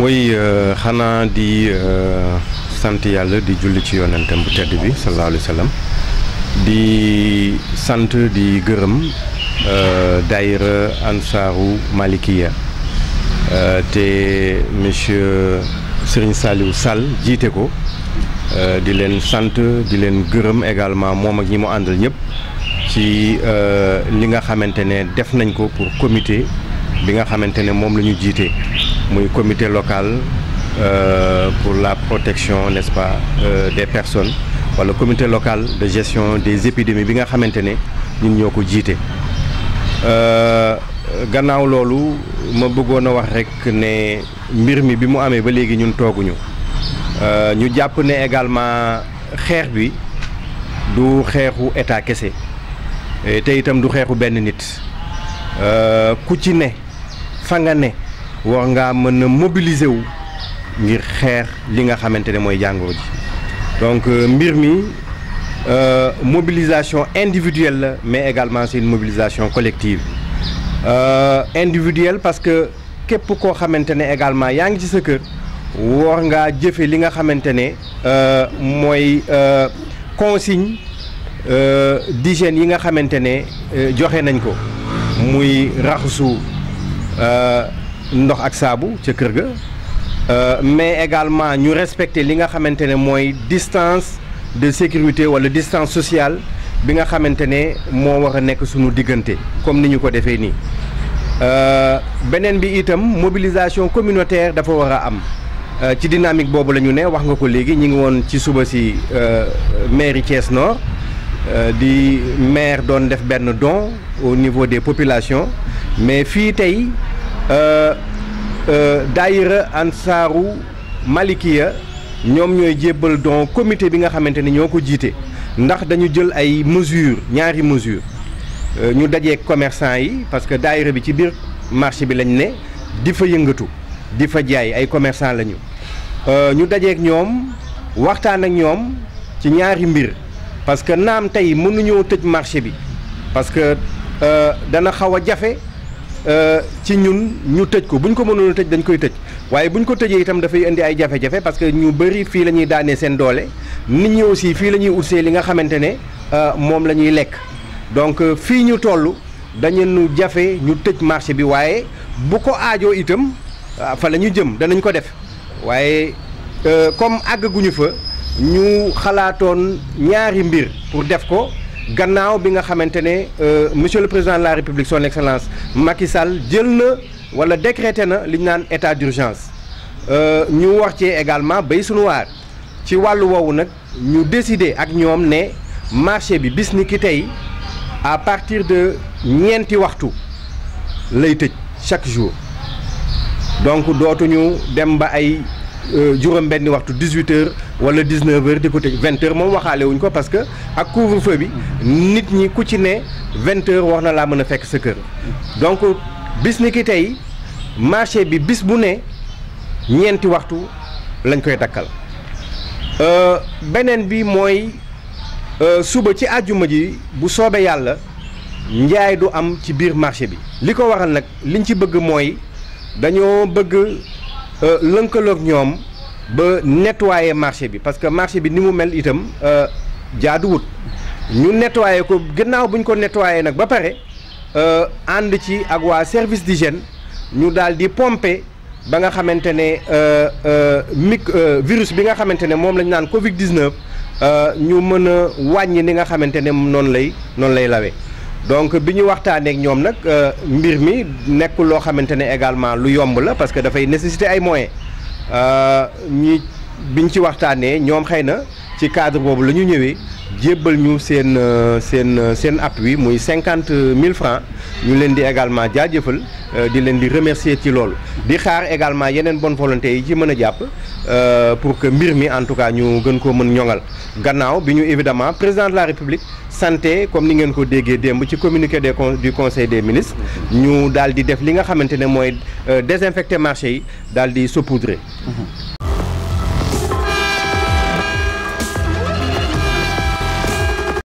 mooy euh, xanaa di euh, sant yàlla di julli ci yonentam bu tedd bi sallallahu alayhi wa sallam di sant di gërëm euh, daayira ansaaru malikiya te monsieur Serigne Saliou Sall jiite ko di leen sant di leen gërëm également moom ak ñi mu àndal ñëpp ci li nga xamante ne def nañ ko pour comité bi nga xamante ne moom la ñu jiite muy commité locale euh, pour la protection n'est-ce pas euh, des personnes wala commité locale de gestion des épidémies bi nga xamante ne ñun ñoo ko jiite. Euh, gannaaw loolu ma bëggoon a wax rekk ne mbir mi bi mu amee ba léegi ñun tooguñu euh, ñu jàpp ne également xeex bi du xeexu état kese te itam du xeexu benn nit ku ci ne fa nga ne. war ngaa mën a mobiliser wu ngir xeex li nga xamante ne mooy jàngoro ji donc euh, mbir mi euh, mobilisation individuelle la mais également c'est une mobilisation collective euh, individuelle parce que képp koo xamante ne également yaa ngi ci sa kër war ngaa jëfe li nga xamante ne mooy consigne d'hygiène yi nga xamante ne joxe nañ ko muy raxasu ndox ak saabu ca kër ga euh, mais également ñu respecter li nga xamante ne mooy distance de sécurité wala distance sociale bi nga xamante ne moo war a nekk sunu diggante comme ni ñu ko defee nii euh, beneen bi itam mobilisation communautaire dafa war a am euh, ci dynamique boobu la ñu ne wax nga ko léegi ñi ngi woon ci suba si mairie Thiès Nord di maire doon def benn don au niveau des population mais fii tey Euh, euh, daayira ansaaru malikiya ñoom ñooy jébbal don comité bi nga xamante ni ñoo ko jiite ndax dañu jël ay mesures ñaari mesures euh, ñu dajee commerçant yi parce que daayira bi ci biir marché bi lañ ne di fa yëngatu di fa jaay ay commerçant lañu ñu dajeek ñoom waxtaan ak ñoom ci ñaari mbir parce que naam tey mënuñoo tëj marché bi parce que dana xaw a jafe Euh, ci ñun ñu tëj ko bu ñu ko mënoon tëj dañ koy tëj waaye bu ñu ko tëjee itam dafay indi ay jafe-jafe parce que ñu bëri fii la ñuy daanee seen doole nit ñi aussi fii la ñuy utsee li nga xamante ne euh, moom la ñuy lekk donc euh, fii ñu toll dañu nu jafe ñu tëj marché bi waaye bu ko aajoo itam fa la ñu jëm danañ ko def waaye comme àggaguñu fa ñu xalaatoon ñaari mbir pour def ko gannaaw bi nga xamante ne euh, monsieur le président la république son excellence Macky Sall jël na wala décrété na li ñu naan état d'urgence euh, ñu wax ci également bay sunu waar ci wàllu woowu nag ñu décider ak ñoom ne marché bi bis ni ki tey à partir de ñeenti waxtu lay tëj chaque jour donc dootuñu dem ba ay Euh, juróom-benni waxtu 18h wala di ko tëj 20h moom waxaale wuñ ko parce ak couvre-feu bi nit ñi ku ci ne 20h na laa mën a fekk sa kër. donc bis ni ki tey marché bi bis bu ne ñeenti waxtu lañ koy dakkal euh, beneen bi mooy euh, suba ci àjjuma ji bu soobee yàlla. njaay du am ci biir marché bi li ko waxal nag liñ ci bëgg mooy dañoo bëgg Euh, lënkaloog ñoom ba nettoyer marché bi parce que marché bi ni mu mel itam euh, jaaduwut ñu nettoyer ko gannaaw bu ñu ko nettoyer nag ba pare euh, ànd ci ak waa service di d'hygiène ñu daal di pomper ba nga xamante ne mic virus bi nga xamante ne moom lañ naan Covid 19 ñu mën a wàññi ni nga xamante ne noonu lay noonu lay lawe donc bi ñu waxtaanee ñoom nag euh, mbir mi nekkul loo xamante ne également lu yomb la parce que dafay nécessité ay moyens euh, ñi biñ ci waxtaanee ñoom xëy na ci cadre boobu la ñu ñëwee. jébbal ñu seen euh, seen euh, seen appui muy cinquante mille francs ñu leen di également jaajëfal euh, di leen di remercier ci loolu bi xaar également yeneen bon volonté yi ci mën a jàpp pour que mbir mi en tout cas ñu gën koo mën ñoŋal gannaaw bi ñu évidemment président de la république santé comme ni ngeen ko déggee démb ci communiqué des du conseil des ministres ñu daal di def li nga xamante ne mooy désinfecter marché yi daal di saupoudrer mmh.